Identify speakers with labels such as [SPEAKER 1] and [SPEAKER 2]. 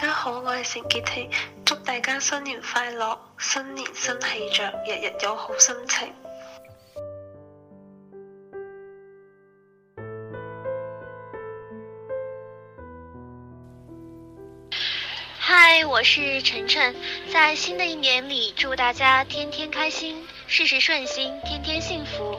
[SPEAKER 1] 大家好，我係陳潔婷，祝大家新年快樂，新年新氣象，日日有好心情。嗨，我是晨晨，在新的一年裏，祝大家天天開心，事事順心，天天幸福。